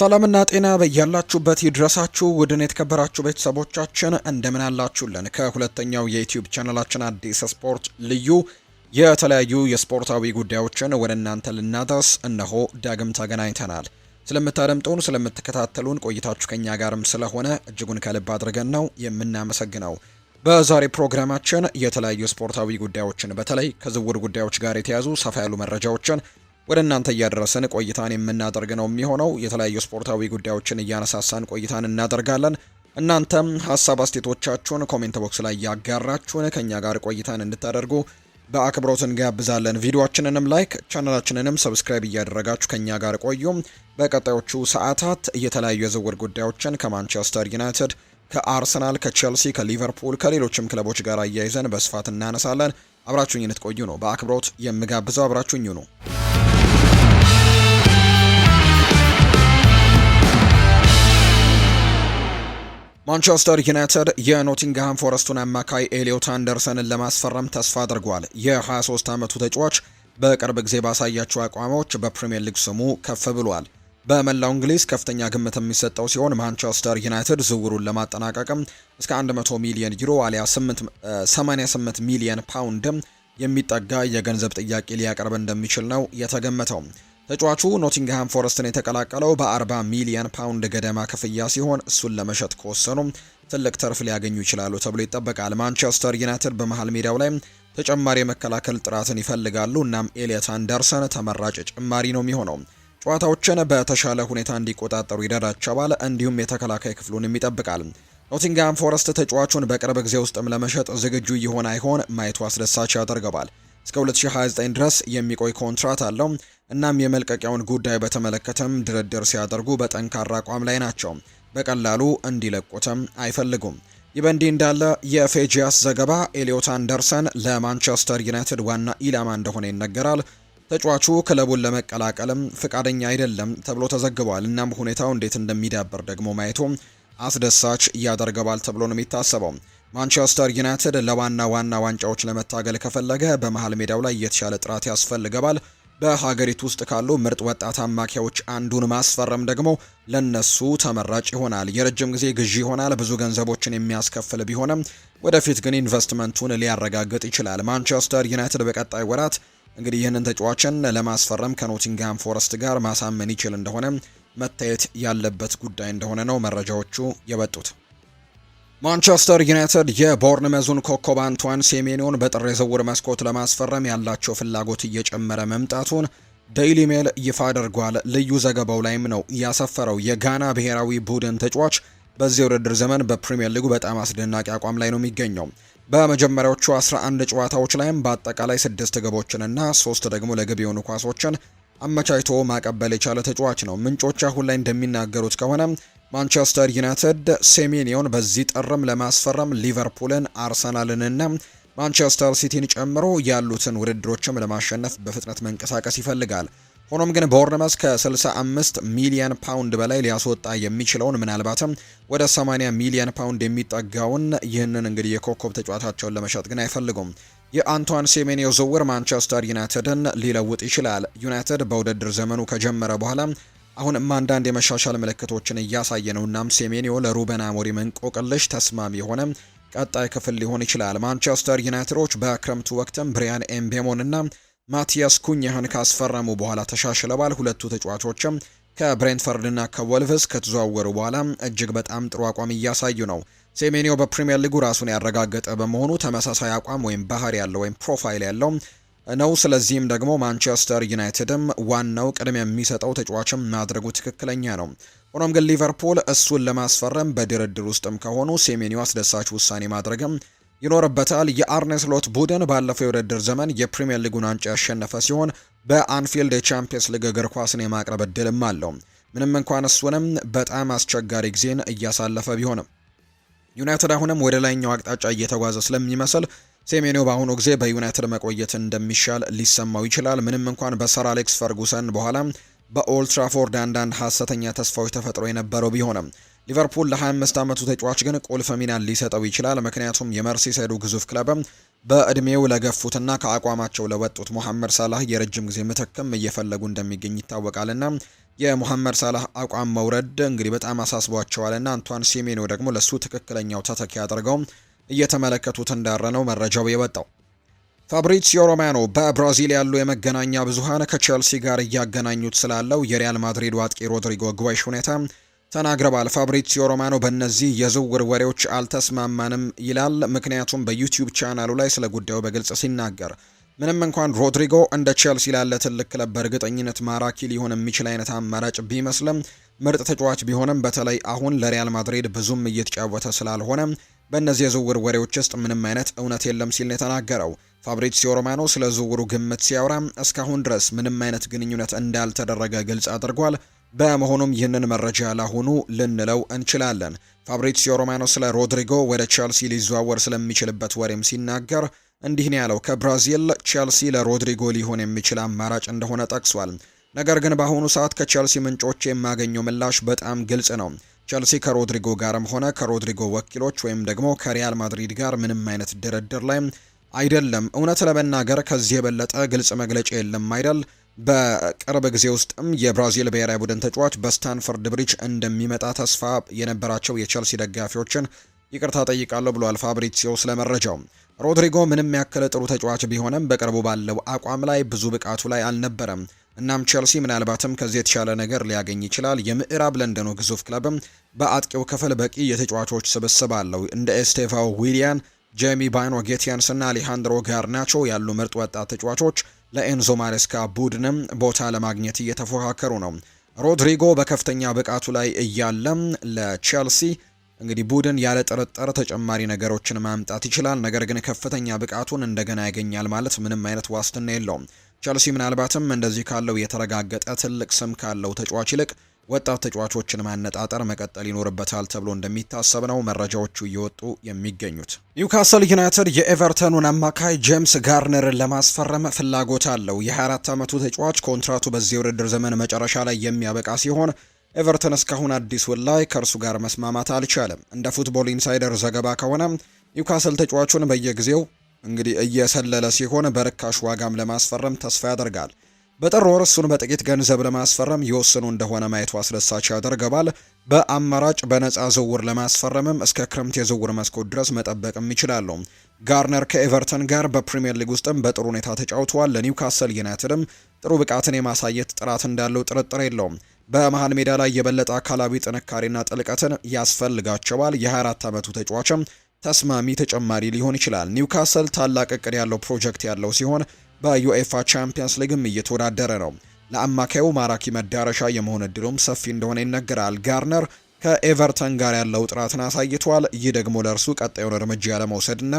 ሰላምና ጤና በያላችሁበት ይድረሳችሁ። ውድን የተከበራችሁ ቤተሰቦቻችን እንደምን አላችሁልን? ከሁለተኛው የዩትዩብ ቻናላችን አዲስ ስፖርት ልዩ የተለያዩ የስፖርታዊ ጉዳዮችን ወደ እናንተ ልናደርስ እነሆ ዳግም ተገናኝተናል። ስለምታደምጡን፣ ስለምትከታተሉን ቆይታችሁ ከኛ ጋርም ስለሆነ እጅጉን ከልብ አድርገን ነው የምናመሰግነው። በዛሬ ፕሮግራማችን የተለያዩ ስፖርታዊ ጉዳዮችን በተለይ ከዝውውር ጉዳዮች ጋር የተያዙ ሰፋ ያሉ መረጃዎችን ወደ እናንተ እያደረስን ቆይታን የምናደርግ ነው የሚሆነው። የተለያዩ ስፖርታዊ ጉዳዮችን እያነሳሳን ቆይታን እናደርጋለን። እናንተም ሀሳብ አስቴቶቻችሁን ኮሜንት ቦክስ ላይ ያጋራችሁን ከእኛ ጋር ቆይታን እንድታደርጉ በአክብሮት እንጋብዛለን። ቪዲዮችንንም ላይክ ቻናላችንንም ሰብስክራይብ እያደረጋችሁ ከእኛ ጋር ቆዩም። በቀጣዮቹ ሰዓታት የተለያዩ የዝውውር ጉዳዮችን ከማንቸስተር ዩናይትድ፣ ከአርሰናል፣ ከቼልሲ፣ ከሊቨርፑል፣ ከሌሎችም ክለቦች ጋር አያይዘን በስፋት እናነሳለን። አብራችሁኝ እንድትቆዩ ነው በአክብሮት የምጋብዘው። አብራችሁኝ ነው ማንቸስተር ዩናይትድ የኖቲንግሃም ፎረስቱን አማካይ ኤሊዮት አንደርሰንን ለማስፈረም ተስፋ አድርጓል። የ23 ዓመቱ ተጫዋች በቅርብ ጊዜ ባሳያቸው አቋሞች በፕሪምየር ሊግ ስሙ ከፍ ብሏል። በመላው እንግሊዝ ከፍተኛ ግምት የሚሰጠው ሲሆን ማንቸስተር ዩናይትድ ዝውውሩን ለማጠናቀቅም እስከ 100 ሚሊዮን ዩሮ አሊያ 88 ሚሊዮን ፓውንድም የሚጠጋ የገንዘብ ጥያቄ ሊያቀርብ እንደሚችል ነው የተገመተው። ተጫዋቹ ኖቲንግሃም ፎረስትን የተቀላቀለው በ40 ሚሊዮን ፓውንድ ገደማ ክፍያ ሲሆን እሱን ለመሸጥ ከወሰኑ ትልቅ ተርፍ ሊያገኙ ይችላሉ ተብሎ ይጠበቃል። ማንቸስተር ዩናይትድ በመሃል ሜዳው ላይ ተጨማሪ የመከላከል ጥራትን ይፈልጋሉ። እናም ኤሊየት አንደርሰን ተመራጭ ጭማሪ ነው የሚሆነው። ጨዋታዎችን በተሻለ ሁኔታ እንዲቆጣጠሩ ይረዳቸዋል፣ እንዲሁም የተከላካይ ክፍሉንም ይጠብቃል። ኖቲንግሃም ፎረስት ተጫዋቹን በቅርብ ጊዜ ውስጥም ለመሸጥ ዝግጁ ይሆን አይሆን ማየቱ አስደሳች ያደርገዋል። እስከ 2029 ድረስ የሚቆይ ኮንትራት አለው። እናም የመልቀቂያውን ጉዳይ በተመለከተም ድርድር ሲያደርጉ በጠንካራ አቋም ላይ ናቸው። በቀላሉ እንዲለቁትም አይፈልጉም። ይህ በእንዲህ እንዳለ የፌጂያስ ዘገባ ኤሊዮት አንደርሰን ለማንቸስተር ዩናይትድ ዋና ኢላማ እንደሆነ ይነገራል። ተጫዋቹ ክለቡን ለመቀላቀልም ፍቃደኛ አይደለም ተብሎ ተዘግቧል። እናም ሁኔታው እንዴት እንደሚዳበር ደግሞ ማየቱ አስደሳች ያደርገዋል ተብሎ ነው የሚታሰበው። ማንቸስተር ዩናይትድ ለዋና ዋና ዋንጫዎች ለመታገል ከፈለገ በመሃል ሜዳው ላይ የተሻለ ጥራት ያስፈልገባል። በሀገሪቱ ውስጥ ካሉ ምርጥ ወጣት አማካዮች አንዱን ማስፈረም ደግሞ ለነሱ ተመራጭ ይሆናል። የረጅም ጊዜ ግዢ ይሆናል፣ ብዙ ገንዘቦችን የሚያስከፍል ቢሆንም ወደፊት ግን ኢንቨስትመንቱን ሊያረጋግጥ ይችላል። ማንቸስተር ዩናይትድ በቀጣይ ወራት እንግዲህ ይህንን ተጫዋችን ለማስፈረም ከኖቲንግሃም ፎረስት ጋር ማሳመን ይችል እንደሆነ መታየት ያለበት ጉዳይ እንደሆነ ነው መረጃዎቹ የበጡት። ማንቸስተር ዩናይትድ የቦርንመዙን ኮከብ አንቷን ሴሜኒዮን በጥር የዝውውር መስኮት ለማስፈረም ያላቸው ፍላጎት እየጨመረ መምጣቱን ዴይሊ ሜል ይፋ አድርጓል። ልዩ ዘገባው ላይም ነው ያሰፈረው። የጋና ብሔራዊ ቡድን ተጫዋች በዚህ የውድድር ዘመን በፕሪምየር ሊጉ በጣም አስደናቂ አቋም ላይ ነው የሚገኘው። በመጀመሪያዎቹ 11 ጨዋታዎች ላይም በአጠቃላይ ስድስት ግቦችንና ሶስት ደግሞ ለግብ የሆኑ ኳሶችን አመቻችቶ ማቀበል የቻለ ተጫዋች ነው። ምንጮች አሁን ላይ እንደሚናገሩት ከሆነ ማንቸስተር ዩናይትድ ሴሜኒዮን በዚህ ጥርም ለማስፈረም ሊቨርፑልን፣ አርሰናልንና ማንቸስተር ሲቲን ጨምሮ ያሉትን ውድድሮችም ለማሸነፍ በፍጥነት መንቀሳቀስ ይፈልጋል። ሆኖም ግን ቦርነመስ ከ65 ሚሊየን ፓውንድ በላይ ሊያስወጣ የሚችለውን ምናልባትም ወደ 80 ሚሊየን ፓውንድ የሚጠጋውን ይህንን እንግዲህ የኮከብ ተጫዋታቸውን ለመሸጥ ግን አይፈልጉም። የአንቷን ሴሜንዮ ዝውውር ማንቸስተር ዩናይትድን ሊለውጥ ይችላል። ዩናይትድ በውድድር ዘመኑ ከጀመረ በኋላ አሁንም አንዳንድ የመሻሻል ምልክቶችን እያሳየ ነው። እናም ሴሜንዮ ለሩበን አሞሪ እንቆቅልሽ ተስማሚ የሆነ ቀጣይ ክፍል ሊሆን ይችላል። ማንቸስተር ዩናይትዶች በክረምቱ ወቅትም ብሪያን ኤምቤሞን እና ማቲያስ ኩኝህን ካስፈረሙ በኋላ ተሻሽለዋል። ሁለቱ ተጫዋቾችም ከብሬንትፈርድና ከወልቭስ ከተዘዋወሩ በኋላ እጅግ በጣም ጥሩ አቋም እያሳዩ ነው። ሴሜኒዮ በፕሪምየር ሊጉ ራሱን ያረጋገጠ በመሆኑ ተመሳሳይ አቋም ወይም ባህር ያለው ወይም ፕሮፋይል ያለው ነው። ስለዚህም ደግሞ ማንቸስተር ዩናይትድም ዋናው ቅድሚያ የሚሰጠው ተጫዋችም ማድረጉ ትክክለኛ ነው። ሆኖም ግን ሊቨርፑል እሱን ለማስፈረም በድርድር ውስጥም ከሆኑ ሴሜኒዮ አስደሳች ውሳኔ ማድረግም ይኖርበታል። የአርነ ስሎት ቡድን ባለፈው የውድድር ዘመን የፕሪምየር ሊጉን ዋንጫ ያሸነፈ ሲሆን በአንፊልድ የቻምፒየንስ ሊግ እግር ኳስን የማቅረብ እድልም አለው። ምንም እንኳን እሱንም በጣም አስቸጋሪ ጊዜን እያሳለፈ ቢሆንም ዩናይትድ አሁንም ወደ ላይኛው አቅጣጫ እየተጓዘ ስለሚመስል ሴሜኒዮ በአሁኑ ጊዜ በዩናይትድ መቆየት እንደሚሻል ሊሰማው ይችላል። ምንም እንኳን በሰር አሌክስ ፈርጉሰን በኋላ በኦልትራፎርድ አንዳንድ ሀሰተኛ ተስፋዎች ተፈጥሮ የነበረው ቢሆንም ሊቨርፑል ለ25 ዓመቱ ተጫዋች ግን ቁልፍ ሚናን ሊሰጠው ይችላል። ምክንያቱም የመርሲሳይዱ ግዙፍ ክለብ በእድሜው ለገፉትና ከአቋማቸው ለወጡት ሞሐመድ ሳላህ የረጅም ጊዜ ምትክም እየፈለጉ እንደሚገኝ ይታወቃልና የሙሐመድ ሳላህ አቋም መውረድ እንግዲህ በጣም አሳስቧቸዋል እና አንቷን ሲሜኖ ደግሞ ለሱ ትክክለኛው ተተኪ አድርገው እየተመለከቱት እንዳረ ነው መረጃው የወጣው። ፋብሪሲዮ ሮማኖ በብራዚል ያሉ የመገናኛ ብዙሃን ከቼልሲ ጋር እያገናኙት ስላለው የሪያል ማድሪድ አጥቂ ሮድሪጎ ጉዋሽ ሁኔታ ተናግረዋል። ፋብሪሲዮ ሮማኖ በእነዚህ የዝውውር ወሬዎች አልተስማማንም ይላል። ምክንያቱም በዩቲዩብ ቻናሉ ላይ ስለ ጉዳዩ በግልጽ ሲናገር ምንም እንኳን ሮድሪጎ እንደ ቼልሲ ላለ ትልቅ ክለብ በእርግጠኝነት ማራኪ ሊሆን የሚችል አይነት አማራጭ ቢመስልም ምርጥ ተጫዋች ቢሆንም በተለይ አሁን ለሪያል ማድሪድ ብዙም እየተጫወተ ስላልሆነ በእነዚህ የዝውውር ወሬዎች ውስጥ ምንም አይነት እውነት የለም ሲል ነው የተናገረው። ፋብሪዚዮ ሮማኖ ስለ ዝውውሩ ግምት ሲያወራ እስካሁን ድረስ ምንም አይነት ግንኙነት እንዳልተደረገ ግልጽ አድርጓል። በመሆኑም ይህንን መረጃ ላሁኑ ልንለው እንችላለን። ፋብሪሲዮ ሮማኖ ስለ ሮድሪጎ ወደ ቼልሲ ሊዘዋወር ስለሚችልበት ወሬም ሲናገር እንዲህ ነው ያለው። ከብራዚል ቼልሲ ለሮድሪጎ ሊሆን የሚችል አማራጭ እንደሆነ ጠቅሷል። ነገር ግን በአሁኑ ሰዓት ከቼልሲ ምንጮች የማገኘው ምላሽ በጣም ግልጽ ነው። ቼልሲ ከሮድሪጎ ጋርም ሆነ ከሮድሪጎ ወኪሎች ወይም ደግሞ ከሪያል ማድሪድ ጋር ምንም አይነት ድርድር ላይ አይደለም። እውነት ለመናገር ከዚህ የበለጠ ግልጽ መግለጫ የለም አይደል? በቅርብ ጊዜ ውስጥም የብራዚል ብሔራዊ ቡድን ተጫዋች በስታንፈርድ ብሪጅ እንደሚመጣ ተስፋ የነበራቸው የቸልሲ ደጋፊዎችን ይቅርታ ጠይቃለሁ ብሏል ፋብሪሲዮ ስለመረጃው። ሮድሪጎ ምንም ያክል ጥሩ ተጫዋች ቢሆንም በቅርቡ ባለው አቋም ላይ ብዙ ብቃቱ ላይ አልነበረም። እናም ቸልሲ ምናልባትም ከዚህ የተሻለ ነገር ሊያገኝ ይችላል። የምዕራብ ለንደኑ ግዙፍ ክለብም በአጥቂው ክፍል በቂ የተጫዋቾች ስብስብ አለው። እንደ ኤስቴቫው ዊሊያን፣ ጄሚ ባይኖ ጌቲያንስ እና አሌሃንድሮ ጋርናቾ ያሉ ምርጥ ወጣት ተጫዋቾች ለኤንዞ ማሬስካ ቡድንም ቦታ ለማግኘት እየተፎካከሩ ነው። ሮድሪጎ በከፍተኛ ብቃቱ ላይ እያለም ለቼልሲ እንግዲህ ቡድን ያለ ጥርጥር ተጨማሪ ነገሮችን ማምጣት ይችላል። ነገር ግን ከፍተኛ ብቃቱን እንደገና ያገኛል ማለት ምንም አይነት ዋስትና የለውም። ቸልሲ ምናልባትም እንደዚህ ካለው የተረጋገጠ ትልቅ ስም ካለው ተጫዋች ይልቅ ወጣት ተጫዋቾችን ማነጣጠር መቀጠል ይኖርበታል ተብሎ እንደሚታሰብ ነው መረጃዎቹ እየወጡ የሚገኙት። ኒውካስል ዩናይትድ የኤቨርተኑን አማካይ ጄምስ ጋርነርን ለማስፈረም ፍላጎት አለው። የ24 ዓመቱ ተጫዋች ኮንትራቱ በዚህ የውድድር ዘመን መጨረሻ ላይ የሚያበቃ ሲሆን ኤቨርተን እስካሁን አዲስ ውል ላይ ከእርሱ ጋር መስማማት አልቻለም። እንደ ፉትቦል ኢንሳይደር ዘገባ ከሆነ ኒውካስል ተጫዋቹን በየጊዜው እንግዲህ እየሰለለ ሲሆን በርካሽ ዋጋም ለማስፈረም ተስፋ ያደርጋል። በጥር ወር እሱን በጥቂት ገንዘብ ለማስፈረም ይወስኑ እንደሆነ ማየቱ አስደሳች ያደርገዋል። በአማራጭ በነፃ ዝውውር ለማስፈረምም እስከ ክረምት የዝውውር መስኮት ድረስ መጠበቅም ይችላሉ። ጋርነር ከኤቨርተን ጋር በፕሪምየር ሊግ ውስጥም በጥሩ ሁኔታ ተጫውተዋል። ለኒውካስል ዩናይትድም ጥሩ ብቃትን የማሳየት ጥራት እንዳለው ጥርጥር የለውም። በመሃል ሜዳ ላይ የበለጠ አካላዊ ጥንካሬና ጥልቀትን ያስፈልጋቸዋል። የ24 ዓመቱ ተጫዋችም ተስማሚ ተጨማሪ ሊሆን ይችላል። ኒውካስል ታላቅ እቅድ ያለው ፕሮጀክት ያለው ሲሆን በዩኤፋ ቻምፒየንስ ሊግም እየተወዳደረ ነው። ለአማካዩ ማራኪ መዳረሻ የመሆን እድሉም ሰፊ እንደሆነ ይነገራል። ጋርነር ከኤቨርተን ጋር ያለው ጥራትን አሳይቷል። ይህ ደግሞ ለእርሱ ቀጣዩን እርምጃ ለመውሰድና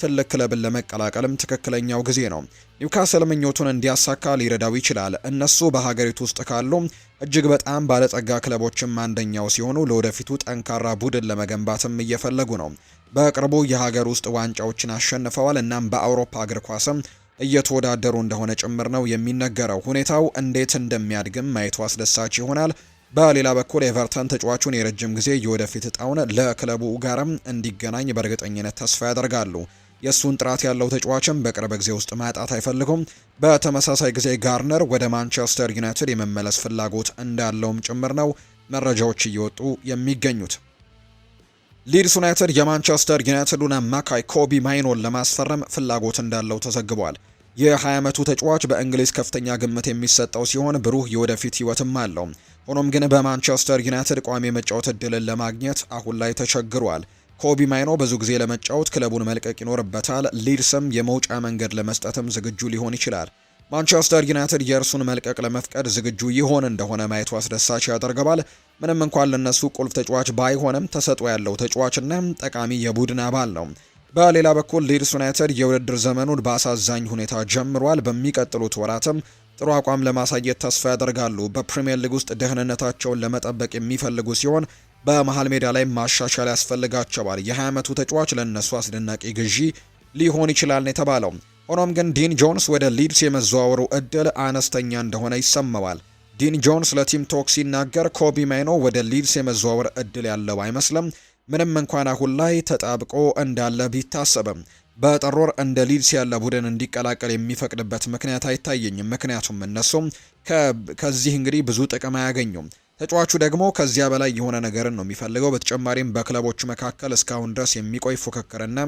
ትልቅ ክለብን ለመቀላቀልም ትክክለኛው ጊዜ ነው። ኒውካስል ምኞቱን እንዲያሳካ ሊረዳው ይችላል። እነሱ በሀገሪቱ ውስጥ ካሉ እጅግ በጣም ባለጸጋ ክለቦችም አንደኛው ሲሆኑ ለወደፊቱ ጠንካራ ቡድን ለመገንባትም እየፈለጉ ነው። በቅርቡ የሀገር ውስጥ ዋንጫዎችን አሸንፈዋል። እናም በአውሮፓ እግር ኳስም እየተወዳደሩ እንደሆነ ጭምር ነው የሚነገረው። ሁኔታው እንዴት እንደሚያድግም ማየቱ አስደሳች ይሆናል። በሌላ በኩል ኤቨርተን ተጫዋቹን የረጅም ጊዜ የወደፊት እጣውን ለክለቡ ጋርም እንዲገናኝ በእርግጠኝነት ተስፋ ያደርጋሉ። የእሱን ጥራት ያለው ተጫዋችም በቅርብ ጊዜ ውስጥ ማጣት አይፈልጉም። በተመሳሳይ ጊዜ ጋርነር ወደ ማንቸስተር ዩናይትድ የመመለስ ፍላጎት እንዳለውም ጭምር ነው መረጃዎች እየወጡ የሚገኙት። ሊድስ ዩናይትድ የማንቸስተር ዩናይትዱን አማካይ ኮቢ ማይኖን ለማስፈረም ፍላጎት እንዳለው ተዘግቧል። የ20 ዓመቱ ተጫዋች በእንግሊዝ ከፍተኛ ግምት የሚሰጠው ሲሆን ብሩህ የወደፊት ህይወትም አለው። ሆኖም ግን በማንቸስተር ዩናይትድ ቋሚ የመጫወት እድልን ለማግኘት አሁን ላይ ተቸግሯል። ኮቢ ማይኖ ብዙ ጊዜ ለመጫወት ክለቡን መልቀቅ ይኖርበታል። ሊድስም የመውጫ መንገድ ለመስጠትም ዝግጁ ሊሆን ይችላል። ማንቸስተር ዩናይትድ የእርሱን መልቀቅ ለመፍቀድ ዝግጁ ይሆን እንደሆነ ማየቱ አስደሳች ያደርገዋል። ምንም እንኳን ለነሱ ቁልፍ ተጫዋች ባይሆንም ተሰጥኦ ያለው ተጫዋችና ጠቃሚ የቡድን አባል ነው። በሌላ በኩል ሊድስ ዩናይትድ የውድድር ዘመኑን በአሳዛኝ ሁኔታ ጀምሯል። በሚቀጥሉት ወራትም ጥሩ አቋም ለማሳየት ተስፋ ያደርጋሉ። በፕሪምየር ሊግ ውስጥ ደህንነታቸውን ለመጠበቅ የሚፈልጉ ሲሆን በመሃል ሜዳ ላይ ማሻሻል ያስፈልጋቸዋል። የ20 ዓመቱ ተጫዋች ለእነሱ አስደናቂ ግዢ ሊሆን ይችላል የተባለው። ሆኖም ግን ዲን ጆንስ ወደ ሊድስ የመዘዋወሩ እድል አነስተኛ እንደሆነ ይሰማዋል። ዲን ጆንስ ለቲም ቶክ ሲናገር ኮቢ ማይኖ ወደ ሊድስ የመዘዋወር እድል ያለው አይመስልም ምንም እንኳን አሁን ላይ ተጣብቆ እንዳለ ቢታሰብም በጥር ወር እንደ ሊድስ ያለ ቡድን እንዲቀላቀል የሚፈቅድበት ምክንያት አይታየኝም። ምክንያቱም እነሱም ከዚህ እንግዲህ ብዙ ጥቅም አያገኙም። ተጫዋቹ ደግሞ ከዚያ በላይ የሆነ ነገርን ነው የሚፈልገው። በተጨማሪም በክለቦቹ መካከል እስካሁን ድረስ የሚቆይ ፉክክርና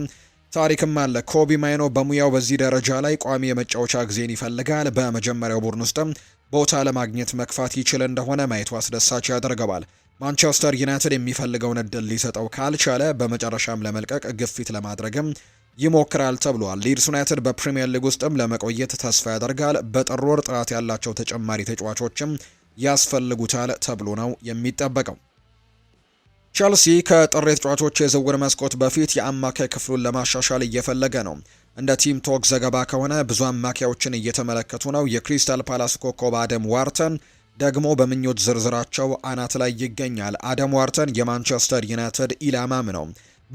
ታሪክም አለ። ኮቢ ማይኖ በሙያው በዚህ ደረጃ ላይ ቋሚ የመጫወቻ ጊዜን ይፈልጋል። በመጀመሪያው ቡድን ውስጥም ቦታ ለማግኘት መክፋት ይችል እንደሆነ ማየቱ አስደሳች ያደርገዋል። ማንቸስተር ዩናይትድ የሚፈልገውን እድል ሊሰጠው ካልቻለ በመጨረሻም ለመልቀቅ ግፊት ለማድረግም ይሞክራል ተብሏል። ሊድስ ዩናይትድ በፕሪምየር ሊግ ውስጥም ለመቆየት ተስፋ ያደርጋል። በጥር ወር ጥራት ያላቸው ተጨማሪ ተጫዋቾችም ያስፈልጉታል ተብሎ ነው የሚጠበቀው። ቸልሲ ከጥር ተጫዋቾች የዝውውር መስኮት በፊት የአማካይ ክፍሉን ለማሻሻል እየፈለገ ነው። እንደ ቲም ቶክ ዘገባ ከሆነ ብዙ አማካዮችን እየተመለከቱ ነው። የክሪስታል ፓላስ ኮከብ አደም ዋርተን ደግሞ በምኞት ዝርዝራቸው አናት ላይ ይገኛል። አደም ዋርተን የማንቸስተር ዩናይትድ ኢላማም ነው።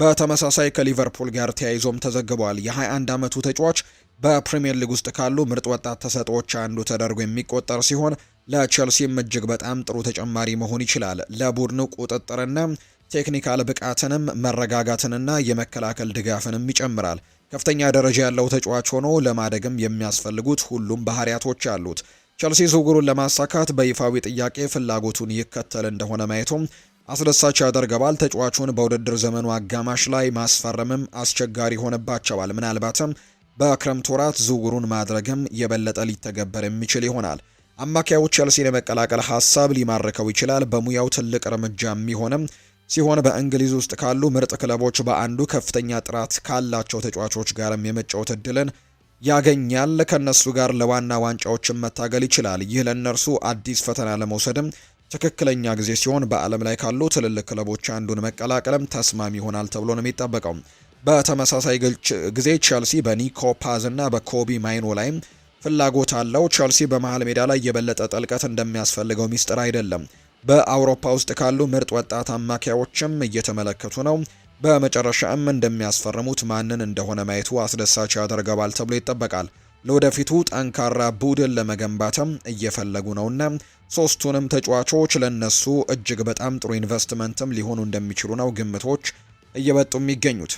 በተመሳሳይ ከሊቨርፑል ጋር ተያይዞም ተዘግቧል። የ21 ዓመቱ ተጫዋች በፕሪምየር ሊግ ውስጥ ካሉ ምርጥ ወጣት ተሰጥኦዎች አንዱ ተደርጎ የሚቆጠር ሲሆን ለቼልሲም እጅግ በጣም ጥሩ ተጨማሪ መሆን ይችላል። ለቡድኑ ቁጥጥርና ቴክኒካል ብቃትንም መረጋጋትንና የመከላከል ድጋፍንም ይጨምራል። ከፍተኛ ደረጃ ያለው ተጫዋች ሆኖ ለማደግም የሚያስፈልጉት ሁሉም ባህሪያቶች አሉት። ቸልሲ ዝውውሩን ለማሳካት በይፋዊ ጥያቄ ፍላጎቱን ይከተል እንደሆነ ማየቱም አስደሳች ያደርገዋል። ተጫዋቹን በውድድር ዘመኑ አጋማሽ ላይ ማስፈረምም አስቸጋሪ ሆነባቸዋል። ምናልባትም በክረምት ወራት ዝውውሩን ማድረግም የበለጠ ሊተገበር የሚችል ይሆናል። አማካዩ ቸልሲን የመቀላቀል ሀሳብ ሊማርከው ይችላል። በሙያው ትልቅ እርምጃ የሚሆንም ሲሆን በእንግሊዝ ውስጥ ካሉ ምርጥ ክለቦች በአንዱ ከፍተኛ ጥራት ካላቸው ተጫዋቾች ጋርም የመጫወት እድልን ያገኛል። ከነሱ ጋር ለዋና ዋንጫዎችን መታገል ይችላል። ይህ ለእነርሱ አዲስ ፈተና ለመውሰድም ትክክለኛ ጊዜ ሲሆን በዓለም ላይ ካሉ ትልልቅ ክለቦች አንዱን መቀላቀልም ተስማሚ ይሆናል ተብሎ ነው የሚጠበቀው። በተመሳሳይ ጊዜ ቸልሲ በኒኮ ፓዝ እና በኮቢ ማይኖ ላይም ፍላጎት አለው። ቸልሲ በመሀል ሜዳ ላይ የበለጠ ጥልቀት እንደሚያስፈልገው ሚስጥር አይደለም። በአውሮፓ ውስጥ ካሉ ምርጥ ወጣት አማካዮችም እየተመለከቱ ነው። በመጨረሻም እንደሚያስፈርሙት ማንን እንደሆነ ማየቱ አስደሳች ያደርገዋል ተብሎ ይጠበቃል። ለወደፊቱ ጠንካራ ቡድን ለመገንባትም እየፈለጉ ነውና ሶስቱንም ተጫዋቾች ለነሱ እጅግ በጣም ጥሩ ኢንቨስትመንትም ሊሆኑ እንደሚችሉ ነው ግምቶች እየበጡ የሚገኙት።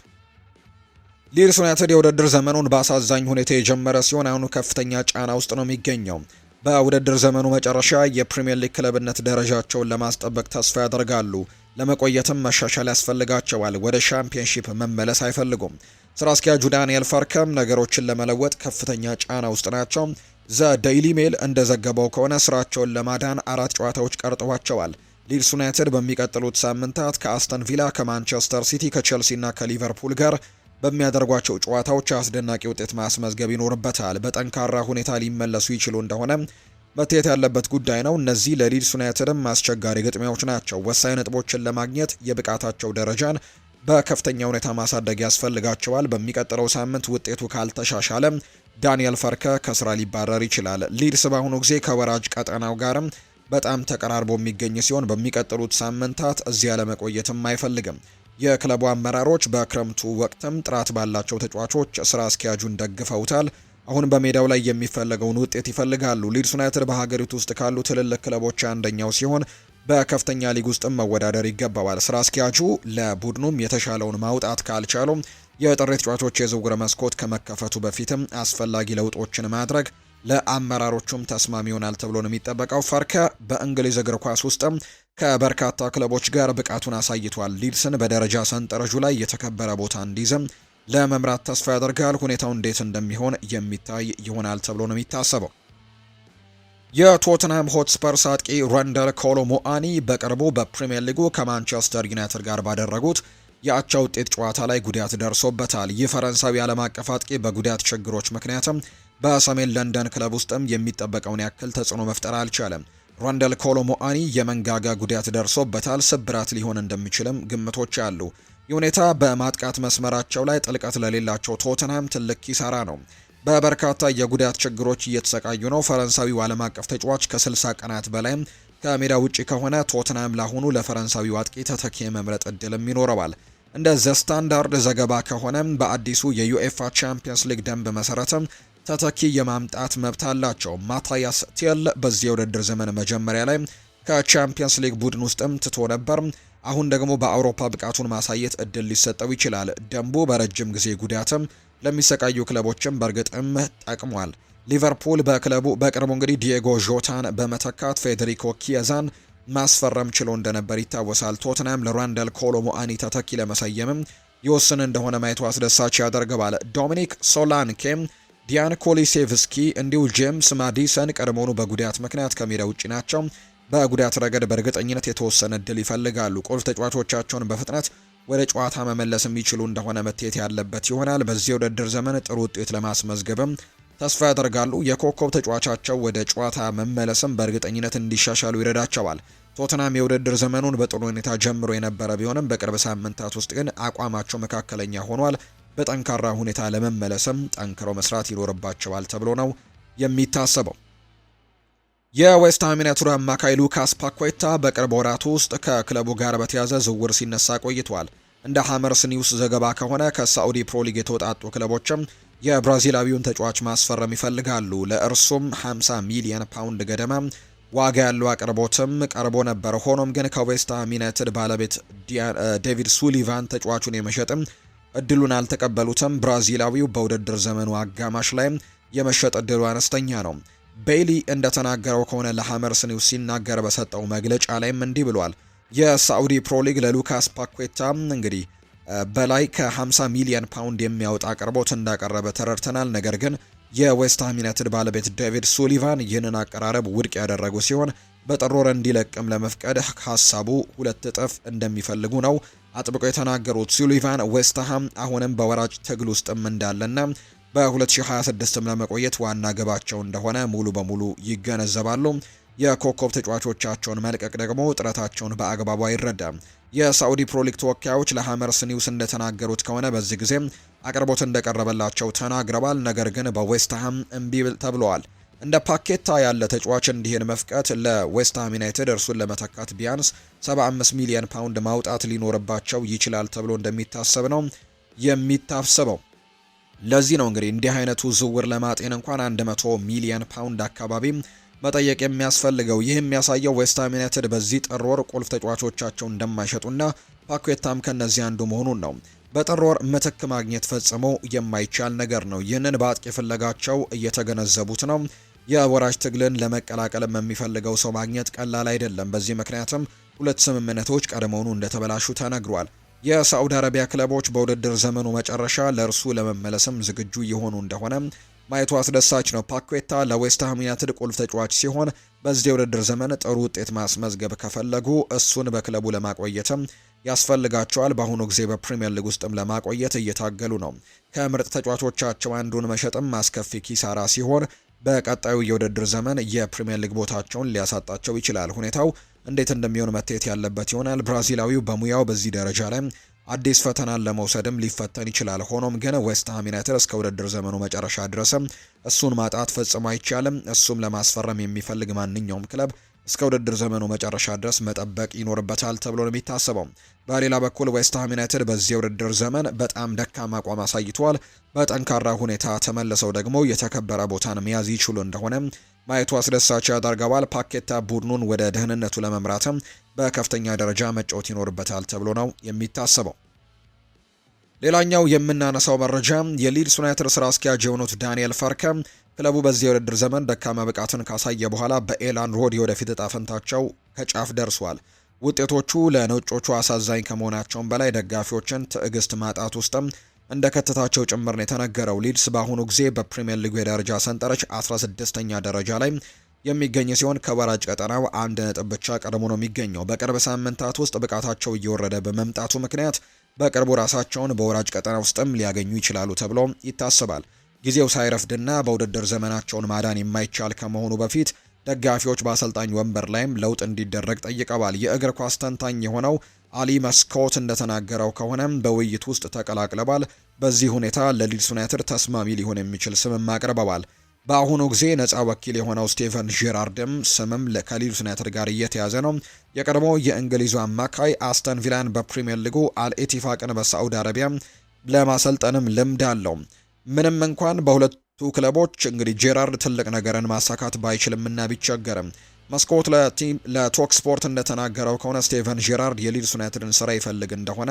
ሊድስ ዩናይትድ የውድድር ዘመኑን በአሳዛኝ ሁኔታ የጀመረ ሲሆን አሁኑ ከፍተኛ ጫና ውስጥ ነው የሚገኘው። በውድድር ዘመኑ መጨረሻ የፕሪምየር ሊግ ክለብነት ደረጃቸውን ለማስጠበቅ ተስፋ ያደርጋሉ። ለመቆየትም መሻሻል ያስፈልጋቸዋል። ወደ ሻምፒየንሺፕ መመለስ አይፈልጉም። ስራ አስኪያጁ ዳንኤል ፈርከም ነገሮችን ለመለወጥ ከፍተኛ ጫና ውስጥ ናቸው። ዘ ዴይሊ ሜል እንደዘገበው ከሆነ ስራቸውን ለማዳን አራት ጨዋታዎች ቀርጠዋቸዋል። ሊድስ ዩናይትድ በሚቀጥሉት ሳምንታት ከአስተን ቪላ፣ ከማንቸስተር ሲቲ፣ ከቼልሲና ከሊቨርፑል ጋር በሚያደርጓቸው ጨዋታዎች አስደናቂ ውጤት ማስመዝገብ ይኖርበታል። በጠንካራ ሁኔታ ሊመለሱ ይችሉ እንደሆነ መታየት ያለበት ጉዳይ ነው። እነዚህ ለሊድስ ዩናይትድም አስቸጋሪ ግጥሚያዎች ናቸው። ወሳኝ ነጥቦችን ለማግኘት የብቃታቸው ደረጃን በከፍተኛ ሁኔታ ማሳደግ ያስፈልጋቸዋል። በሚቀጥለው ሳምንት ውጤቱ ካልተሻሻለ ዳንኤል ፈርከ ከስራ ሊባረር ይችላል። ሊድስ በአሁኑ ጊዜ ከወራጅ ቀጠናው ጋርም በጣም ተቀራርቦ የሚገኝ ሲሆን በሚቀጥሉት ሳምንታት እዚያ ለመቆየትም አይፈልግም። የክለቡ አመራሮች በክረምቱ ወቅትም ጥራት ባላቸው ተጫዋቾች ስራ አስኪያጁን ደግፈውታል። አሁን በሜዳው ላይ የሚፈለገውን ውጤት ይፈልጋሉ። ሊድስ ዩናይትድ በሀገሪቱ ውስጥ ካሉ ትልልቅ ክለቦች አንደኛው ሲሆን በከፍተኛ ሊግ ውስጥም መወዳደር ይገባዋል። ስራ አስኪያጁ ለቡድኑም የተሻለውን ማውጣት ካልቻሉም የጥሬ ተጫዋቾች የዝውውር መስኮት ከመከፈቱ በፊትም አስፈላጊ ለውጦችን ማድረግ ለአመራሮቹም ተስማሚ ይሆናል ተብሎ ነው የሚጠበቀው። ፈርከ በእንግሊዝ እግር ኳስ ውስጥም ከበርካታ ክለቦች ጋር ብቃቱን አሳይቷል። ሊድስን በደረጃ ሰንጠረዡ ላይ የተከበረ ቦታ እንዲዝም ለመምራት ተስፋ ያደርጋል። ሁኔታው እንዴት እንደሚሆን የሚታይ ይሆናል ተብሎ ነው የሚታሰበው። የቶትንሃም ሆትስፐርስ አጥቂ ረንደል ሙአኒ በቅርቡ በፕሪምየር ሊጉ ከማንቸስተር ዩናይትድ ጋር ባደረጉት የአቻ ውጤት ጨዋታ ላይ ጉዳት ደርሶበታል። ይህ ፈረንሳዊ ዓለም አቀፍ አጥቂ በጉዳት ችግሮች ምክንያትም በሰሜን ለንደን ክለብ ውስጥም የሚጠበቀውን ያክል ተጽዕኖ መፍጠር አልቻለም። ራንደል ኮሎሞአኒ የመንጋጋ ጉዳት ደርሶበታል። ስብራት ሊሆን እንደሚችልም ግምቶች አሉ። ሁኔታ በማጥቃት መስመራቸው ላይ ጥልቀት ለሌላቸው ቶተንሃም ትልቅ ኪሳራ ነው። በበርካታ የጉዳት ችግሮች እየተሰቃዩ ነው። ፈረንሳዊው ዓለም አቀፍ ተጫዋች ከ60 ቀናት በላይ ከሜዳ ውጪ ከሆነ ቶትናም ላሁኑ ለፈረንሳዊው አጥቂ ተተኪ የመምረጥ እድልም ይኖረዋል። እንደ ዘ ስታንዳርድ ዘገባ ከሆነ በአዲሱ የዩኤፋ ቻምፒየንስ ሊግ ደንብ መሰረትም ተተኪ የማምጣት መብት አላቸው። ማታያስ ቴል በዚህ የውድድር ዘመን መጀመሪያ ላይ ከቻምፒየንስ ሊግ ቡድን ውስጥም ትቶ ነበር። አሁን ደግሞ በአውሮፓ ብቃቱን ማሳየት እድል ሊሰጠው ይችላል። ደንቡ በረጅም ጊዜ ጉዳትም ለሚሰቃዩ ክለቦችም በእርግጥም ጠቅሟል። ሊቨርፑል በክለቡ በቅርቡ እንግዲህ ዲየጎ ዦታን በመተካት ፌዴሪኮ ኪየዛን ማስፈረም ችሎ እንደነበር ይታወሳል። ቶትናም ለራንደል ኮሎሞአኒ ተተኪ ለመሰየምም ይወስን እንደሆነ ማየቱ አስደሳች ያደርገዋል። ዶሚኒክ ሶላንኬም ዲያን ኮሊሴቭስኪ እንዲሁ ጄምስ ማዲሰን ቀድሞኑ በጉዳት ምክንያት ከሜዳ ውጭ ናቸው። በጉዳት ረገድ በእርግጠኝነት የተወሰነ እድል ይፈልጋሉ። ቁልፍ ተጫዋቾቻቸውን በፍጥነት ወደ ጨዋታ መመለስ የሚችሉ እንደሆነ መታየት ያለበት ይሆናል። በዚህ የውድድር ዘመን ጥሩ ውጤት ለማስመዝገብም ተስፋ ያደርጋሉ። የኮከብ ተጫዋቻቸው ወደ ጨዋታ መመለስም በእርግጠኝነት እንዲሻሻሉ ይረዳቸዋል። ቶትናም የውድድር ዘመኑን በጥሩ ሁኔታ ጀምሮ የነበረ ቢሆንም በቅርብ ሳምንታት ውስጥ ግን አቋማቸው መካከለኛ ሆኗል። በጠንካራ ሁኔታ ለመመለስም ጠንክረው መስራት ይኖርባቸዋል ተብሎ ነው የሚታሰበው። የዌስትሃምን ዩናይትድ አማካይ ሉካስ ፓኳይታ በቅርብ ወራት ውስጥ ከክለቡ ጋር በተያዘ ዝውውር ሲነሳ ቆይቷል። እንደ ሀመርስ ኒውስ ዘገባ ከሆነ ከሳዑዲ ፕሮሊግ የተወጣጡ ክለቦችም የብራዚላዊውን ተጫዋች ማስፈረም ይፈልጋሉ። ለእርሱም 50 ሚሊየን ፓውንድ ገደማ ዋጋ ያለው አቅርቦትም ቀርቦ ነበር። ሆኖም ግን ከዌስትሃም ዩናይትድ ባለቤት ዴቪድ ሱሊቫን ተጫዋቹን የመሸጥም እድሉን አልተቀበሉትም። ብራዚላዊው በውድድር ዘመኑ አጋማሽ ላይ የመሸጥ እድሉ አነስተኛ ነው። ቤይሊ እንደተናገረው ከሆነ ለሐመርስ ኒውስ ሲናገር በሰጠው መግለጫ ላይም እንዲህ ብሏል። የሳዑዲ ፕሮሊግ ለሉካስ ፓኩዌታ እንግዲህ በላይ ከ50 ሚሊዮን ፓውንድ የሚያወጣ አቅርቦት እንዳቀረበ ተረድተናል። ነገር ግን የዌስትሃም ዩናይትድ ባለቤት ዴቪድ ሱሊቫን ይህንን አቀራረብ ውድቅ ያደረጉ ሲሆን በጥሮር እንዲለቅም ለመፍቀድ ሀሳቡ ሁለት እጥፍ እንደሚፈልጉ ነው አጥብቆ የተናገሩት ሱሊቫን ዌስትሃም አሁንም በወራጭ ትግል ውስጥም እንዳለና በ2026ም ለመቆየት ዋና ግባቸው እንደሆነ ሙሉ በሙሉ ይገነዘባሉ። የኮከብ ተጫዋቾቻቸውን መልቀቅ ደግሞ ጥረታቸውን በአግባቡ አይረዳም። የሳዑዲ ፕሮሊግ ተወካዮች ለሀመርስ ኒውስ እንደተናገሩት ከሆነ በዚህ ጊዜ አቅርቦት እንደቀረበላቸው ተናግረዋል። ነገር ግን በዌስትሃም እምቢ ተብለዋል። እንደ ፓኬታ ያለ ተጫዋች እንዲህን መፍቀት ለዌስትሃም ዩናይትድ እርሱን ለመተካት ቢያንስ 75 ሚሊዮን ፓውንድ ማውጣት ሊኖርባቸው ይችላል ተብሎ እንደሚታሰብ ነው የሚታሰበው። ለዚህ ነው እንግዲህ እንዲህ አይነቱ ዝውውር ለማጤን እንኳን 100 ሚሊዮን ፓውንድ አካባቢ መጠየቅ የሚያስፈልገው። ይህ የሚያሳየው ዌስትሃም ዩናይትድ በዚህ ጥር ወር ቁልፍ ተጫዋቾቻቸው እንደማይሸጡና ፓኬታም ከነዚህ አንዱ መሆኑን ነው። በጥር ወር ምትክ ማግኘት ፈጽሞ የማይቻል ነገር ነው። ይህንን በአጥቂ ፍለጋቸው እየተገነዘቡት ነው። የወራጅ ትግልን ለመቀላቀልም የሚፈልገው ሰው ማግኘት ቀላል አይደለም። በዚህ ምክንያትም ሁለት ስምምነቶች ቀድሞውኑ እንደተበላሹ ተነግሯል። የሳዑዲ አረቢያ ክለቦች በውድድር ዘመኑ መጨረሻ ለእርሱ ለመመለስም ዝግጁ የሆኑ እንደሆነ ማየቱ አስደሳች ነው። ፓኬታ ለዌስትሃም ዩናይትድ ቁልፍ ተጫዋች ሲሆን በዚህ የውድድር ዘመን ጥሩ ውጤት ማስመዝገብ ከፈለጉ እሱን በክለቡ ለማቆየትም ያስፈልጋቸዋል። በአሁኑ ጊዜ በፕሪምየር ሊግ ውስጥም ለማቆየት እየታገሉ ነው። ከምርጥ ተጫዋቾቻቸው አንዱን መሸጥም አስከፊ ኪሳራ ሲሆን በቀጣዩ የውድድር ዘመን የፕሪምየር ሊግ ቦታቸውን ሊያሳጣቸው ይችላል። ሁኔታው እንዴት እንደሚሆን መታየት ያለበት ይሆናል። ብራዚላዊው በሙያው በዚህ ደረጃ ላይ አዲስ ፈተናን ለመውሰድም ሊፈተን ይችላል። ሆኖም ግን ሃም ዩናይትድ እስከ ውድድር ዘመኑ መጨረሻ ድረስም እሱን ማጣት ፈጽሞ አይቻልም። እሱም ለማስፈረም የሚፈልግ ማንኛውም ክለብ እስከ ውድድር ዘመኑ መጨረሻ ድረስ መጠበቅ ይኖርበታል ተብሎ ነው የሚታሰበው። በሌላ በኩል ሃም ዩናይትድ በዚህ ውድድር ዘመን በጣም ደካማ አቋም አሳይቷል በጠንካራ ሁኔታ ተመልሰው ደግሞ የተከበረ ቦታን መያዝ ይችሉ እንደሆነ ማየቱ አስደሳች ያደርገዋል። ፓኬታ ቡድኑን ወደ ደህንነቱ ለመምራትም በከፍተኛ ደረጃ መጫወት ይኖርበታል ተብሎ ነው የሚታሰበው። ሌላኛው የምናነሳው መረጃ የሊድስ ዩናይትድ ስራ አስኪያጅ የሆኑት ዳንኤል ፈርከ ክለቡ በዚህ የውድድር ዘመን ደካማ ብቃትን ካሳየ በኋላ በኤላን ሮድ የወደፊት እጣ ፈንታቸው ከጫፍ ደርሷል። ውጤቶቹ ለነጮቹ አሳዛኝ ከመሆናቸውም በላይ ደጋፊዎችን ትዕግስት ማጣት ውስጥም እንደ ከተታቸው ጭምር ነው የተነገረው። ሊድስ በአሁኑ ጊዜ በፕሪምየር ሊጉ የደረጃ ሰንጠረዥ 16ኛ ደረጃ ላይ የሚገኝ ሲሆን ከወራጅ ቀጠናው አንድ ነጥብ ብቻ ቀድሞ ነው የሚገኘው። በቅርብ ሳምንታት ውስጥ ብቃታቸው እየወረደ በመምጣቱ ምክንያት በቅርቡ ራሳቸውን በወራጅ ቀጠና ውስጥም ሊያገኙ ይችላሉ ተብሎ ይታሰባል። ጊዜው ሳይረፍድና በውድድር ዘመናቸውን ማዳን የማይቻል ከመሆኑ በፊት ደጋፊዎች በአሰልጣኝ ወንበር ላይም ለውጥ እንዲደረግ ጠይቀዋል። የእግር ኳስ ተንታኝ የሆነው አሊ መስኮት እንደተናገረው ከሆነ በውይይት ውስጥ ተቀላቅለዋል። በዚህ ሁኔታ ለሊድስ ዩናይትድ ተስማሚ ሊሆን የሚችል ስምም አቅርበዋል። በአሁኑ ጊዜ ነፃ ወኪል የሆነው ስቴቨን ጄራርድም ስምም ከሊድስ ዩናይትድ ጋር እየተያዘ ነው። የቀድሞ የእንግሊዙ አማካይ አስተን ቪላን በፕሪምየር ሊጉ አልኤቲፋቅን በሳዑዲ አረቢያ ለማሰልጠንም ልምድ አለው። ምንም እንኳን በሁለቱ ክለቦች እንግዲህ ጄራርድ ትልቅ ነገርን ማሳካት ባይችልምና ቢቸገርም መስኮት ለቶክ ስፖርት እንደተናገረው ከሆነ ስቴቨን ጄራርድ የሊድስ ዩናይትድን ስራ ይፈልግ እንደሆነ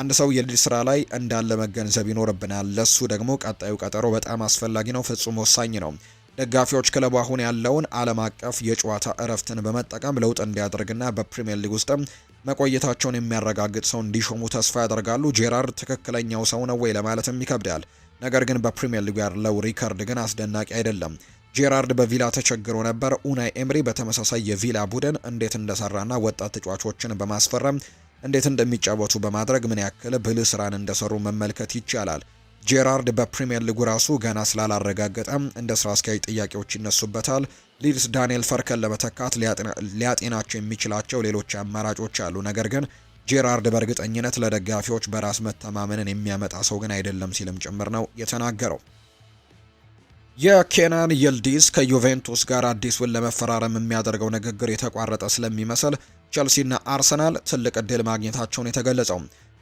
አንድ ሰው የሊድስ ስራ ላይ እንዳለ መገንዘብ ይኖርብናል። ለሱ ደግሞ ቀጣዩ ቀጠሮ በጣም አስፈላጊ ነው፣ ፍጹም ወሳኝ ነው። ደጋፊዎች ክለቡ አሁን ያለውን ዓለም አቀፍ የጨዋታ እረፍትን በመጠቀም ለውጥ እንዲያደርግና በፕሪምየር ሊግ ውስጥም መቆየታቸውን የሚያረጋግጥ ሰው እንዲሾሙ ተስፋ ያደርጋሉ። ጄራርድ ትክክለኛው ሰው ነው ወይ ለማለትም ይከብዳል። ነገር ግን በፕሪምየር ሊግ ያለው ሪከርድ ግን አስደናቂ አይደለም። ጄራርድ በቪላ ተቸግሮ ነበር። ኡናይ ኤምሪ በተመሳሳይ የቪላ ቡድን እንዴት እንደሰራና ወጣት ተጫዋቾችን በማስፈረም እንዴት እንደሚጫወቱ በማድረግ ምን ያክል ብልህ ስራን እንደሰሩ መመልከት ይቻላል። ጄራርድ በፕሪምየር ሊጉ ራሱ ገና ስላላረጋገጠም እንደ ስራ አስኪያጅ ጥያቄዎች ይነሱበታል። ሊድስ ዳንኤል ፈርከን ለመተካት ሊያጤናቸው የሚችላቸው ሌሎች አማራጮች አሉ። ነገር ግን ጄራርድ በእርግጠኝነት ለደጋፊዎች በራስ መተማመንን የሚያመጣ ሰው ግን አይደለም ሲልም ጭምር ነው የተናገረው። የኬናን ይልዲዝ ከዩቬንቱስ ጋር አዲስ አዲሱን ለመፈራረም የሚያደርገው ንግግር የተቋረጠ ስለሚመስል ቸልሲና አርሰናል ትልቅ እድል ማግኘታቸውን የተገለጸው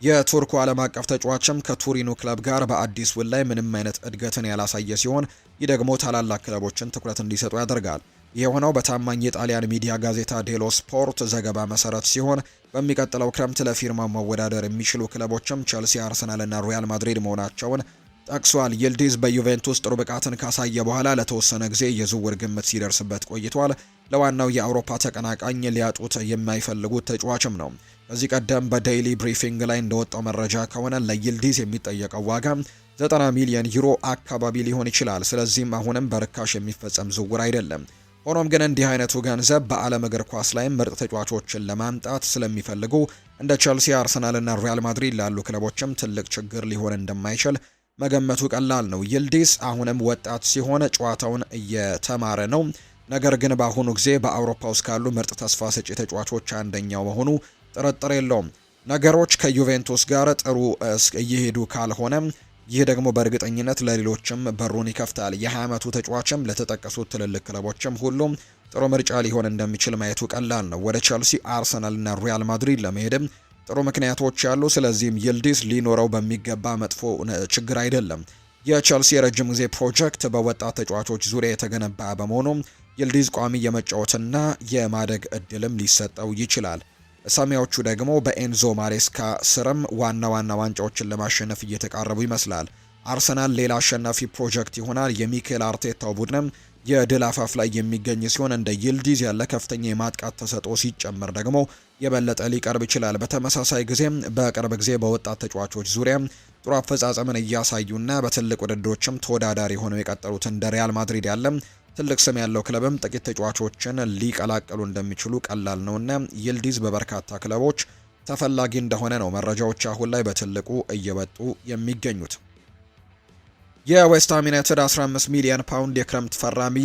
የቱርኩ ዓለም አቀፍ ተጫዋችም ከቱሪኑ ክለብ ጋር በአዲስ ውል ላይ ምንም አይነት እድገትን ያላሳየ ሲሆን ይህ ደግሞ ታላላቅ ክለቦችን ትኩረት እንዲሰጡ ያደርጋል። የሆነው በታማኝ የጣሊያን ሚዲያ ጋዜታ ዴሎ ስፖርት ዘገባ መሰረት ሲሆን በሚቀጥለው ክረምት ለፊርማው መወዳደር የሚችሉ ክለቦችም ቸልሲ፣ አርሰናልና ሪያል ማድሪድ መሆናቸውን ጠቅሷል። ይልዲዝ በዩቬንቱስ ጥሩ ብቃትን ካሳየ በኋላ ለተወሰነ ጊዜ የዝውውር ግምት ሲደርስበት ቆይቷል። ለዋናው የአውሮፓ ተቀናቃኝ ሊያጡት የማይፈልጉት ተጫዋችም ነው። ከዚህ ቀደም በዴይሊ ብሪፊንግ ላይ እንደወጣው መረጃ ከሆነ ለይልዲዝ የሚጠየቀው ዋጋ 90 ሚሊዮን ዩሮ አካባቢ ሊሆን ይችላል። ስለዚህም አሁንም በርካሽ የሚፈጸም ዝውውር አይደለም። ሆኖም ግን እንዲህ አይነቱ ገንዘብ በዓለም እግር ኳስ ላይ ምርጥ ተጫዋቾችን ለማምጣት ስለሚፈልጉ እንደ ቸልሲ፣ አርሰናልና ሪያል ማድሪድ ላሉ ክለቦችም ትልቅ ችግር ሊሆን እንደማይችል መገመቱ ቀላል ነው። ይልዲስ አሁንም ወጣት ሲሆን ጨዋታውን እየተማረ ነው። ነገር ግን በአሁኑ ጊዜ በአውሮፓ ውስጥ ካሉ ምርጥ ተስፋ ሰጪ ተጫዋቾች አንደኛው መሆኑ ጥርጥር የለውም። ነገሮች ከዩቬንቱስ ጋር ጥሩ እየሄዱ ካልሆነ ይህ ደግሞ በእርግጠኝነት ለሌሎችም በሩን ይከፍታል። የ20 ዓመቱ ተጫዋችም ለተጠቀሱት ትልልቅ ክለቦችም ሁሉም ጥሩ ምርጫ ሊሆን እንደሚችል ማየቱ ቀላል ነው። ወደ ቸልሲ፣ አርሰናልና ሪያል ማድሪድ ለመሄድም ጥሩ ምክንያቶች ያሉ፣ ስለዚህም ይልዲዝ ሊኖረው በሚገባ መጥፎ ችግር አይደለም። የቸልሲ የረጅም ጊዜ ፕሮጀክት በወጣት ተጫዋቾች ዙሪያ የተገነባ በመሆኑ ይልዲዝ ቋሚ የመጫወትና የማደግ እድልም ሊሰጠው ይችላል። ሰሚያዎቹ ደግሞ በኤንዞ ማሬስካ ስርም ዋና ዋና ዋንጫዎችን ለማሸነፍ እየተቃረቡ ይመስላል። አርሰናል ሌላ አሸናፊ ፕሮጀክት ይሆናል። የሚካኤል አርቴታው ቡድንም የድል አፋፍ ላይ የሚገኝ ሲሆን እንደ ይልዲዝ ያለ ከፍተኛ የማጥቃት ተሰጥኦ ሲጨመር ደግሞ የበለጠ ሊቀርብ ይችላል። በተመሳሳይ ጊዜም በቅርብ ጊዜ በወጣት ተጫዋቾች ዙሪያ ጥሩ አፈጻጸምን እያሳዩና በትልቅ ውድድሮችም ተወዳዳሪ ሆነው የቀጠሉት እንደ ሪያል ማድሪድ ያለ ትልቅ ስም ያለው ክለብም ጥቂት ተጫዋቾችን ሊቀላቀሉ እንደሚችሉ ቀላል ነውና ይልዲዝ በበርካታ ክለቦች ተፈላጊ እንደሆነ ነው መረጃዎች አሁን ላይ በትልቁ እየበጡ የሚገኙት። የዌስትሃም ዩናይትድ 15 ሚሊዮን ፓውንድ የክረምት ፈራሚ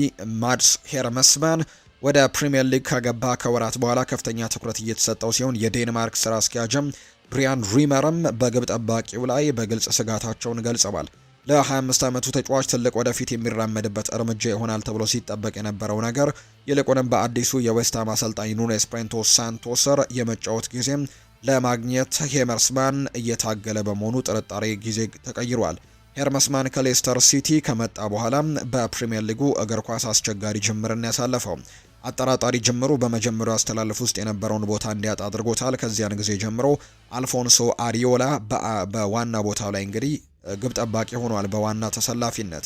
ማድስ ሄርመስማን ወደ ፕሪምየር ሊግ ከገባ ከወራት በኋላ ከፍተኛ ትኩረት እየተሰጠው ሲሆን የዴንማርክ ስራ አስኪያጅም ብሪያን ሪመርም በግብ ጠባቂው ላይ በግልጽ ስጋታቸውን ገልጸዋል። ለ25 ዓመቱ ተጫዋች ትልቅ ወደፊት የሚራመድበት እርምጃ ይሆናል ተብሎ ሲጠበቅ የነበረው ነገር ይልቁንም በአዲሱ የዌስትሃም አሰልጣኝ ኑኔስ ፕሬንቶ ሳንቶ ስር የመጫወት ጊዜም ለማግኘት ሄመርስማን እየታገለ በመሆኑ ጥርጣሬ ጊዜ ተቀይሯል። ሄርመስ ማን ከሌስተር ሲቲ ከመጣ በኋላ በፕሪምየር ሊጉ እግር ኳስ አስቸጋሪ ጅምርን ያሳለፈው። አጠራጣሪ ጅምሩ በመጀመሪያው አስተላለፍ ውስጥ የነበረውን ቦታ እንዲያጣ አድርጎታል። ከዚያን ጊዜ ጀምሮ አልፎንሶ አሪዮላ በዋና ቦታው ላይ እንግዲህ ግብ ጠባቂ ሆኗል በዋና ተሰላፊነት።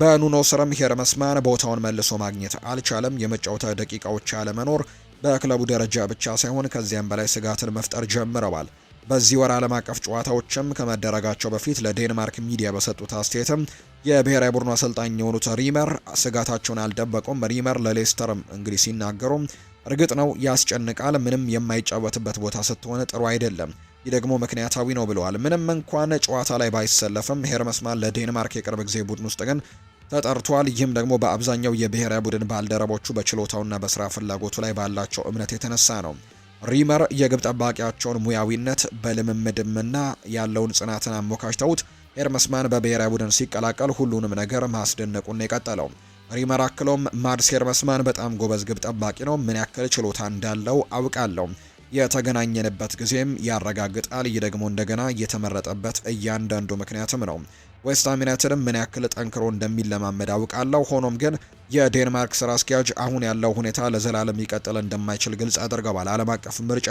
በኑኖ ስርም ሄርመስ ማን ቦታውን መልሶ ማግኘት አልቻለም። የመጫወታ ደቂቃዎች አለመኖር በክለቡ ደረጃ ብቻ ሳይሆን ከዚያም በላይ ስጋትን መፍጠር ጀምረዋል። በዚህ ወር ዓለም አቀፍ ጨዋታዎችም ከመደረጋቸው በፊት ለዴንማርክ ሚዲያ በሰጡት አስተያየትም የብሔራዊ ቡድኑ አሰልጣኝ የሆኑት ሪመር ስጋታቸውን አልደበቁም። ሪመር ለሌስተርም እንግዲህ ሲናገሩም እርግጥ ነው ያስጨንቃል፣ ምንም የማይጫወትበት ቦታ ስትሆነ ጥሩ አይደለም። ይህ ደግሞ ምክንያታዊ ነው ብለዋል። ምንም እንኳን ጨዋታ ላይ ባይሰለፍም ሄርመስማን ለዴንማርክ የቅርብ ጊዜ ቡድን ውስጥ ግን ተጠርቷል። ይህም ደግሞ በአብዛኛው የብሔራዊ ቡድን ባልደረቦቹ በችሎታውና በስራ ፍላጎቱ ላይ ባላቸው እምነት የተነሳ ነው። ሪመር የግብ ጠባቂያቸውን ሙያዊነት በልምምድምና ያለውን ጽናትን አሞካሽተውት ኤርመስማን በብሔራዊ ቡድን ሲቀላቀል ሁሉንም ነገር ማስደነቁን የቀጠለው ሪመር አክሎም ማድስ ኤርመስማን በጣም ጎበዝ ግብ ጠባቂ ነው። ምን ያክል ችሎታ እንዳለው አውቃለሁ። የተገናኘንበት ጊዜም ያረጋግጣል። ይህ ደግሞ እንደገና የተመረጠበት እያንዳንዱ ምክንያትም ነው። ዌስትሃም ዩናይትድም ምን ያክል ጠንክሮ እንደሚለማመድ አውቃለሁ። ሆኖም ግን የዴንማርክ ስራ አስኪያጅ አሁን ያለው ሁኔታ ለዘላለም ይቀጥል እንደማይችል ግልጽ አድርገዋል። ዓለም አቀፍ ምርጫ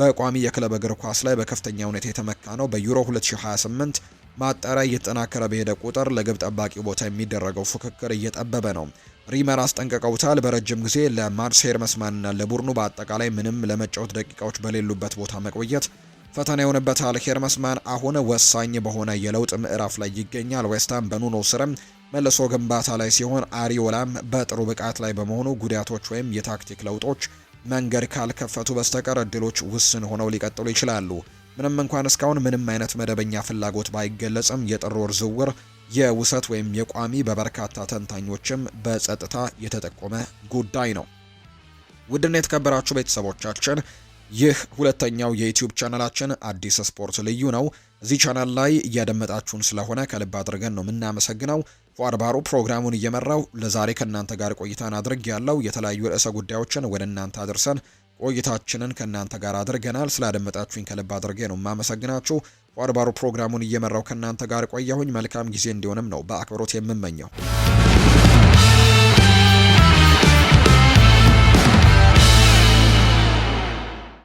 በቋሚ የክለብ እግር ኳስ ላይ በከፍተኛ ሁኔታ የተመካ ነው። በዩሮ 2028 ማጣሪያ እየተጠናከረ በሄደ ቁጥር ለግብ ጠባቂ ቦታ የሚደረገው ፉክክር እየጠበበ ነው። ሪመር አስጠንቅቀውታል። በረጅም ጊዜ ለማርሴር መስማንና ለቡድኑ በአጠቃላይ ምንም ለመጫወት ደቂቃዎች በሌሉበት ቦታ መቆየት ፈተና ሄርመስ ማን አሁን ወሳኝ በሆነ የለውጥ ምዕራፍ ላይ ይገኛል። ዌስትሃም በኑኖ ስርም መልሶ ግንባታ ላይ ሲሆን፣ አሪዮላም በጥሩ ብቃት ላይ በመሆኑ ጉዳቶች ወይም የታክቲክ ለውጦች መንገድ ካልከፈቱ በስተቀር እድሎች ውስን ሆነው ሊቀጥሉ ይችላሉ። ምንም እንኳን እስካሁን ምንም አይነት መደበኛ ፍላጎት ባይገለጽም የጥሮር ወር ዝውውር የውሰት ወይም የቋሚ በበርካታ ተንታኞችም በጸጥታ የተጠቆመ ጉዳይ ነው። ውድና የተከበራችሁ ቤተሰቦቻችን ይህ ሁለተኛው የዩቲዩብ ቻናላችን አዲስ ስፖርት ልዩ ነው። እዚህ ቻናል ላይ እያደመጣችሁን ስለሆነ ከልብ አድርገን ነው የምናመሰግነው። ፏርባሩ ፕሮግራሙን እየመራው ለዛሬ ከእናንተ ጋር ቆይታን አድርግ ያለው የተለያዩ ርዕሰ ጉዳዮችን ወደ እናንተ አድርሰን ቆይታችንን ከእናንተ ጋር አድርገናል። ስላደመጣችሁኝ ከልብ አድርጌ ነው የማመሰግናችሁ። ፏርባሩ ፕሮግራሙን እየመራው ከእናንተ ጋር ቆየሁኝ። መልካም ጊዜ እንዲሆንም ነው በአክብሮት የምመኘው።